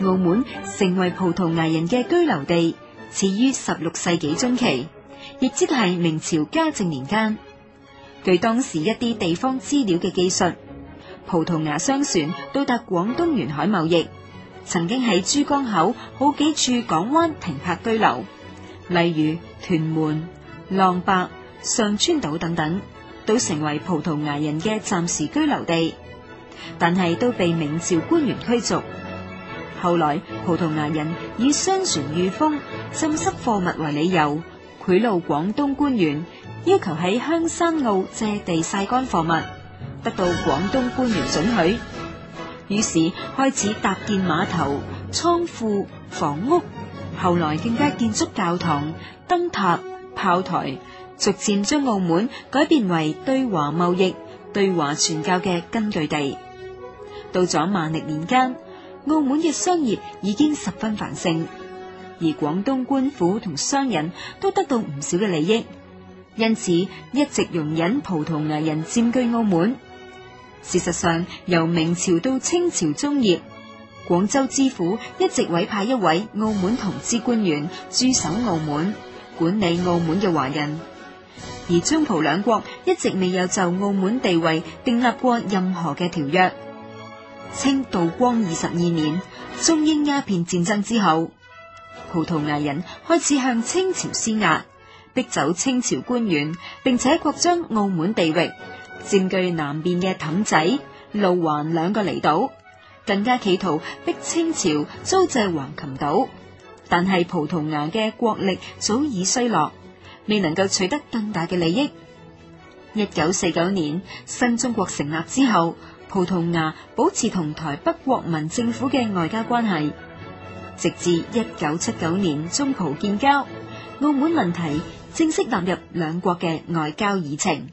澳門成為葡萄牙人嘅居留地，始於十六世紀中期，亦即係明朝嘉靖年間。據當時一啲地方資料嘅記述，葡萄牙商船到達廣東沿海貿易，曾經喺珠江口好幾處港灣停泊居留，例如屯門、浪白、上川島等等，都成為葡萄牙人嘅暫時居留地，但係都被明朝官員驅逐。後來葡萄牙人以商船遇風浸濕貨物為理由，賄賂廣東官員，要求喺香山澳借地曬乾貨物，得到廣東官員准許，於是開始搭建碼頭、倉庫、房屋，後來更加建築教堂、燈塔、炮台，逐漸將澳門改變為對華貿易、對華傳教嘅根據地。到咗萬曆年間，澳門嘅商業已經十分繁盛，而廣東官府同商人都得到唔少嘅利益，因此一直容忍葡萄牙人佔據澳門。事實上，由明朝到清朝中葉，廣州知府一直委派一位澳門同知官員駐守澳門，管理澳門嘅華人。而中葡兩國一直未有就澳門地位訂立過任何嘅條約。清道光二十二年，中英鴉片戰爭之後，葡萄牙人開始向清朝施壓，逼走清朝官員，並且擴張澳門地域，佔據南邊嘅氹仔、路環兩個離島，更加企圖逼清朝租借橫琴島。但係葡萄牙嘅國力早已衰落，未能夠取得更大嘅利益。一九四九年，新中國成立之後。葡萄牙保持同台北國民政府嘅外交關係，直至一九七九年中葡建交，澳門問題正式納入兩國嘅外交議程。